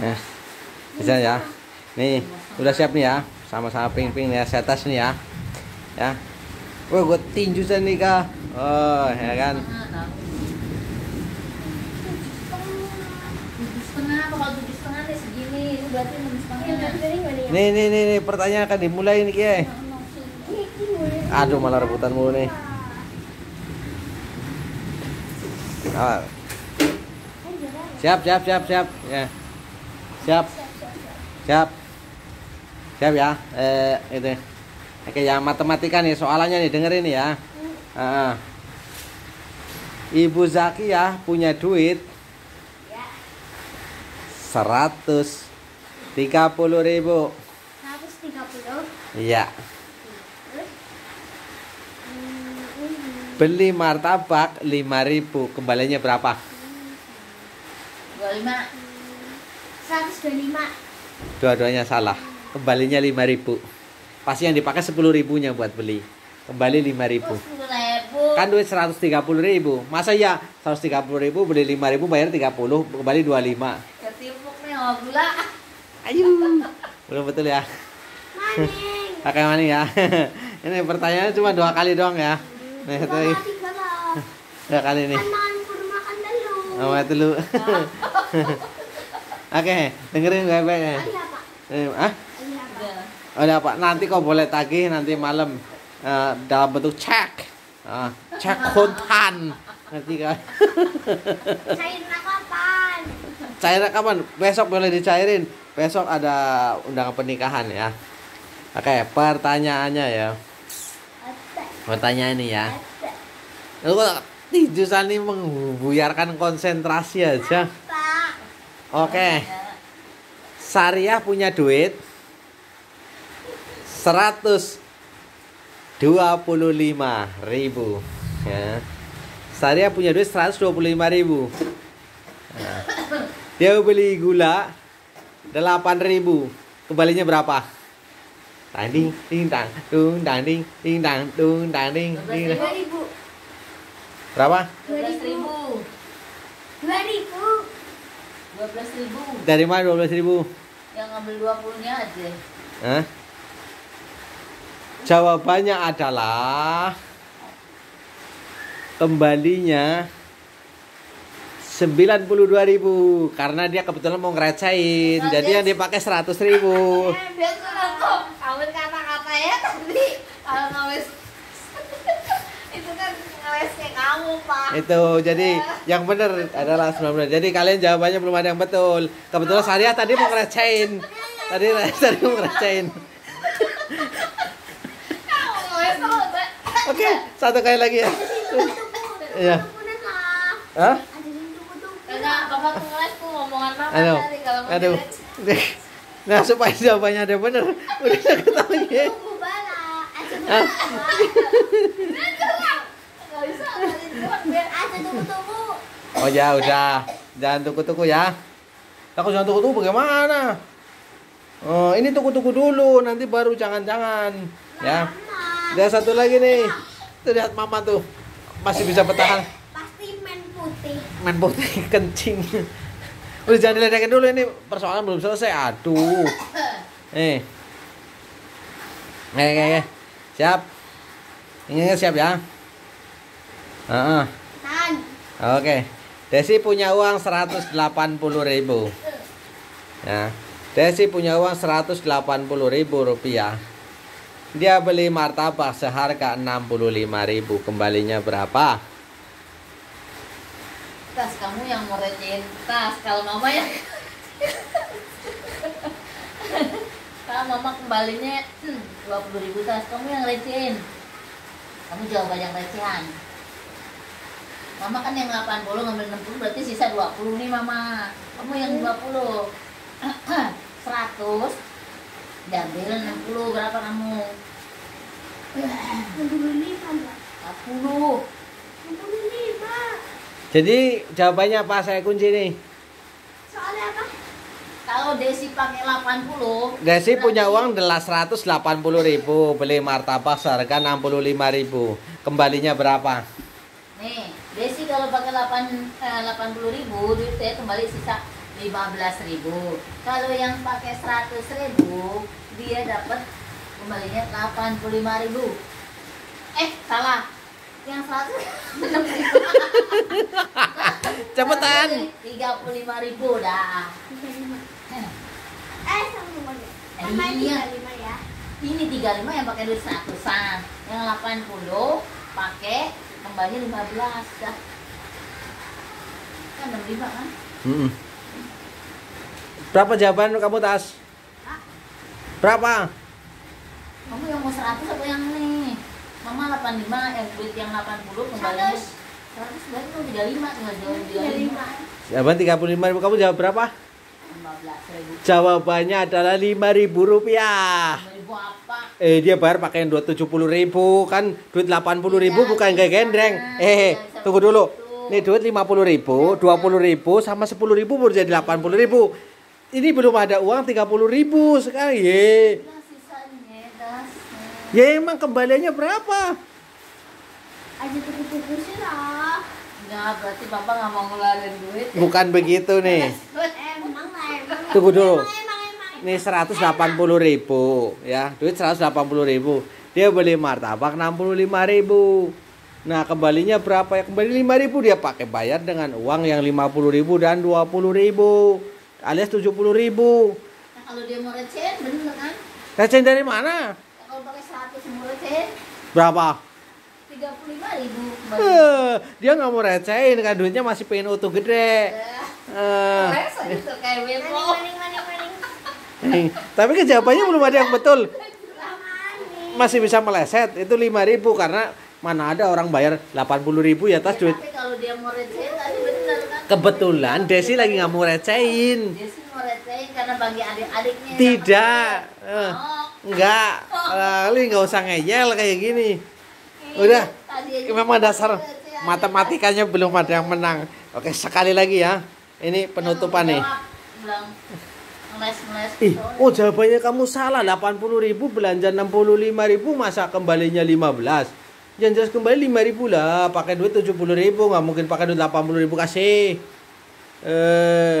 nah, bisa ya nih udah siap nih ya sama-sama ping-ping ya saya tes nih ya ya Wah, gue tinju nih kak. Oh, ya kan. Ya? Nih, nih, nih, nih, pertanyaan akan dimulai nih, Kiai. Aduh, malah rebutan mulu nih. Ah. Siap, siap, siap, siap. Ya siap siap siap ya eh itu oke ya matematika nih soalannya nih dengerin ini ya uh, Ibu Zaki ya punya duit seratus tiga puluh ribu Iya Beli martabak lima ribu Kembalinya berapa? 25 125 dua-duanya salah kembalinya 5000 pasti yang dipakai 10 ribunya buat beli kembali 5000 oh, kan duit 130000. masa ya 130000 beli 5000 bayar 30 kembali 25 ketimpuk nih oh, gula ayo belum betul ya maning pakai maning ya ini pertanyaannya cuma dua kali doang ya hmm, Nih, itu dua kali nih. Makan dulu. Oh, dulu. Oke, okay, dengerin baik-baik. Ada apa? Eh, ah? Ada apa? Nanti kau boleh tagih nanti malam uh, dalam bentuk cek. Uh, cek kontan. Nanti kan. Cairnya kapan? Cairnya kapan? Besok boleh dicairin. Besok ada undangan pernikahan ya. Oke, pertanyaannya ya. Pertanyaan ini ya. Lu kok tidusan ini mengbuyarkan konsentrasi aja. Oke. Okay. Sariah punya duit 125 ribu ya. Sariah punya duit 125 ribu nah. Dia beli gula 8 ribu Kembalinya berapa? Tanding, ding ding tang dung tang ding ding tang dung tang ding ding Berapa? 12 ribu 12.000. Dari mana 12.000? Yang ngambil 20-nya aja. Hah? Jawabannya adalah kembalinya 92.000 karena dia kebetulan mau ngerecain. jadi yang dipakai 100.000. Dia eh, kata-kata ya tadi kalau lupa. Itu jadi eh. yang benar adalah 19. Jadi kalian jawabannya belum ada yang betul. Kebetulan saya oh. tadi mau ngeracain. Iya, iya. Tadi tadi mau ngeracain. Oke, satu kali lagi ya. Iya. Hah? Aduh. Aduh. Nah, supaya jawabannya ada benar. Udah ketahuan ya oh ya udah jangan tunggu-tunggu ya aku jangan tunggu-tunggu bagaimana oh ini tunggu-tunggu dulu nanti baru jangan-jangan ya dan satu lagi nih terlihat mama tuh masih bisa bertahan pasti main putih main putih kencing udah jangan diledekin dulu ini persoalan belum selesai aduh eh eh eh, eh. siap ini siap ya Uh -uh. Oke. Okay. Desi punya uang 180.000. Ya. Desi punya uang 180.000 rupiah. Dia beli martabak seharga 65.000. Kembalinya berapa? Tas kamu yang merecehin tas. Kalau mama ya Kalau mama kembalinya hmm, 20.000 tas. Kamu yang recehin. Kamu jawab banyak recehan. Mama kan yang 80 ngambil 60 berarti sisa 20 nih Mama. Kamu yang 20. Hmm. 100 diambil 60 berapa kamu? 25. 40. 25. Jadi jawabannya apa saya kunci nih? Soalnya apa? Kalau Desi pakai 80 Desi punya uang adalah 180 ribu Beli martabak seharga 65 ribu Kembalinya berapa? Nih kalau pakai 8 eh, 80.000 duit saya kembali sisa 15.000. Kalau yang pakai 100.000 dia dapat kembalinya 85.000. Eh, salah. Yang 100 Cepetan. 35.000 dah. Eh, sama eh, Sama iya. Ya. Ini 35 yang pakai duit 100-an. Yang 80 pakai kembali 15 dah. Hmm. Berapa jawaban kamu tas? Berapa? Kamu yang mau 100 atau yang ini? Mama 85, yang duit yang 80 kembali. 100. berarti kamu 35, tinggal jawab 35. Jawaban 35 kamu jawab berapa? 15.000. Jawabannya adalah 5.000 rupiah. 5.000 apa? Eh dia bayar pakai yang 270.000 kan duit 80.000 ya, bukan kayak gendreng. Iya. Eh, eh, eh, tunggu dulu. Nih duit 50 ribu, 20 ya. ribu sama 10 ribu baru jadi 80 ribu. Ini belum ada uang 30 ribu sekarang. Ye. Ya emang kembaliannya berapa? Aja tuku-tuku sih lah. Enggak, ya, berarti Bapak nggak mau ngeluarin duit. Bukan begitu nih. Tunggu dulu. Ini 180 ribu ya, duit 180 ribu. Dia beli martabak 65 ribu. Nah kembalinya berapa ya? Kembali 5000 dia pakai bayar dengan uang yang 50000 dan 20000 alias 70000 Nah kalau dia mau receh bener kan? Receh dari mana? Nah, kalau pakai 100 mau receh Berapa? 35 ribu uh, Dia nggak mau recehin kan duitnya masih pengen utuh gede uh. Tapi kejawabannya belum ada yang betul Masih bisa meleset itu 5000 karena Mana ada orang bayar 80 ribu ya tas ya, duit. kalau dia mau recehin tadi kan? Kebetulan Desi lagi nggak mau recehin. Desi mau recehin karena bagi adik-adiknya. Ya, Tidak. Ya? Enggak. Eh, oh. lalu nggak usah ngeyel kayak gini. Iya, udah. Memang dasar matematikanya belum ada yang menang. Oke, sekali lagi ya. Ini penutupan nih. Ih, gitu. oh jawabannya kamu salah. 80.000 belanja 65.000 masa kembalinya 15 yang jelas kembali 5000 lah pakai duit 70000 nggak mungkin pakai duit 80000 kasih eh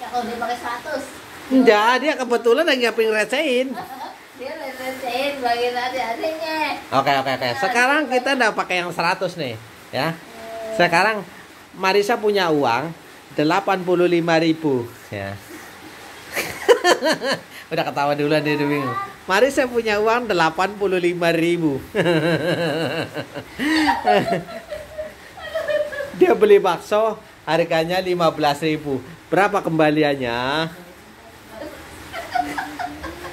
ya kalau dia pakai 100 enggak dia kebetulan lagi ngapain recehin dia recehin bagian adik-adiknya oke oke oke sekarang kita udah pakai yang 100 nih ya eh. sekarang Marisa punya uang 85000 ya udah ketawa duluan dia udah bingung Mari saya punya uang 85 ribu. Dia beli bakso harganya 15 ribu. Berapa kembaliannya?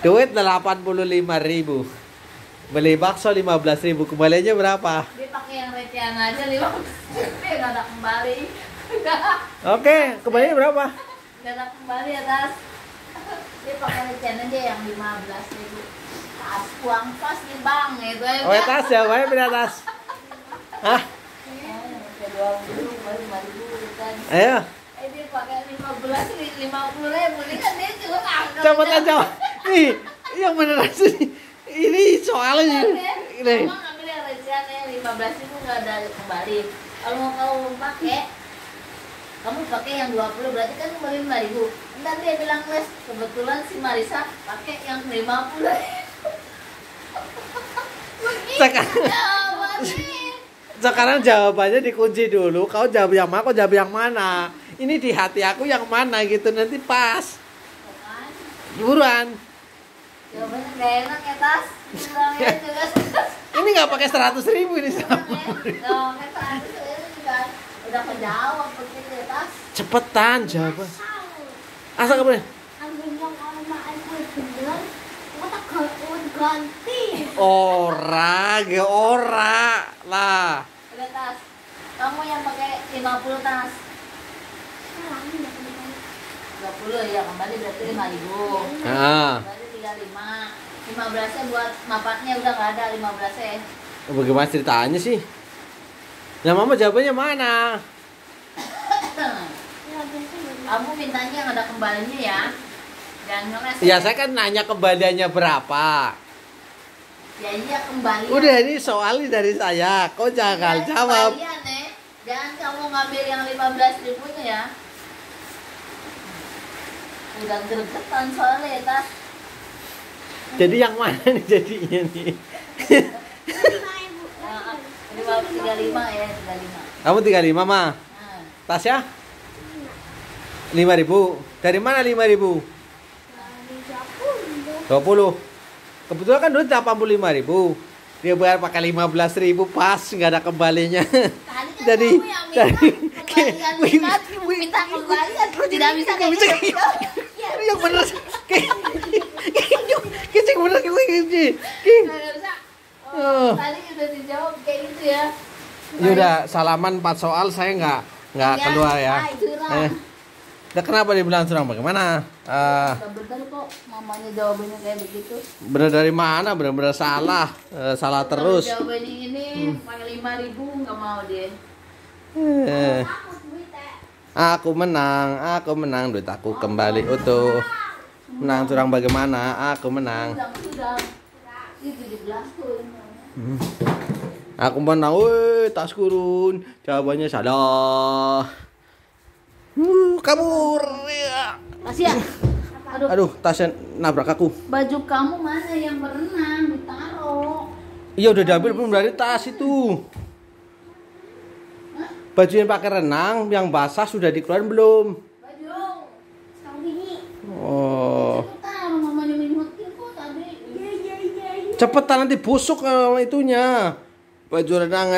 Duit 85 ribu. Beli bakso 15 ribu. Kembaliannya berapa? Dia yang recehan aja 15 ribu. ada kembali. Oke, okay, kembaliannya berapa? Gak ada kembali atas ini pakai aja yang 15 ribu tas uang tas di bank gitu ya oh ya, tas ya wae punya tas hah eh, ayo eh ini pakai 15 50 ribu ini kan dia juga coba aja nih yang bener sih ini soalnya iya, ini ambil yang ya, ada kembali kalau mau kamu pakai kamu pakai yang 20 berarti kan cuma 5 ribu Entah dia bilang les kebetulan si Marisa pakai yang 50 sekarang, sekarang jawabannya dikunci dulu kau jawab yang mana kau jawab yang mana ini di hati aku yang mana gitu nanti pas buruan jawabannya gak enak ya tas ini nggak pakai seratus ribu ini sama Udah kejawab begitu tas. Cepetan jawab. Asal kamu ya? nih? Ora, ge ora lah. Udah tas. Kamu yang pakai 50 tas. 20 ya kembali berarti 5 ribu. Heeh. Berarti 35. 15 nya buat mapaknya udah enggak ada 15 nya. Bagaimana ceritanya sih? Nah mama jawabannya mana? Kamu mintanya yang ada kembalinya ya. Jangan Ya, ya saya kan nanya kembaliannya berapa. Ya iya kembali. Udah ini soalnya dari saya. Kok iya, jangan ya, jawab. Eh. Jangan kamu ngambil yang 15 ribunya ya. Udah gergetan soalnya ya, tas. Jadi yang mana nih jadinya nih? 35 ya, 35. Kamu 35, Ma? Tas ya? 5000. Dari mana 5000? Dari 20. 20. Kebetulan kan dulu 85000 dia bayar pakai belas ribu pas nggak ada kembalinya kan jadi dari minta kembalian tidak bisa kayak bisa yang bener kayak bener kayak bener kayak Iya. ya. udah salaman empat soal saya nggak nggak ya, keluar ya. Ah, eh. Nah, kenapa dibilang curang? Bagaimana? Uh, bener kok mamanya jawabannya kayak begitu. Bener dari mana? Bener-bener salah, uh, salah terus. jawabannya ini hmm. lima ribu nggak mau dia. Eh. Aku menang, aku menang, duit aku oh, kembali utuh. Menang curang bagaimana? Aku menang. Sudah sudah, Itu 17 tuh. Hmm aku mana weh tas kurun jawabannya salah uh, kabur Masih ya aduh, aduh tasnya nabrak aku baju kamu mana yang berenang ditaruh iya udah diambil belum dari tas itu baju yang pakai renang yang basah sudah dikeluarin belum oh iya, iya, iya, cepetan nanti busuk uh, itunya இப்போ சொல்லிட்டாங்க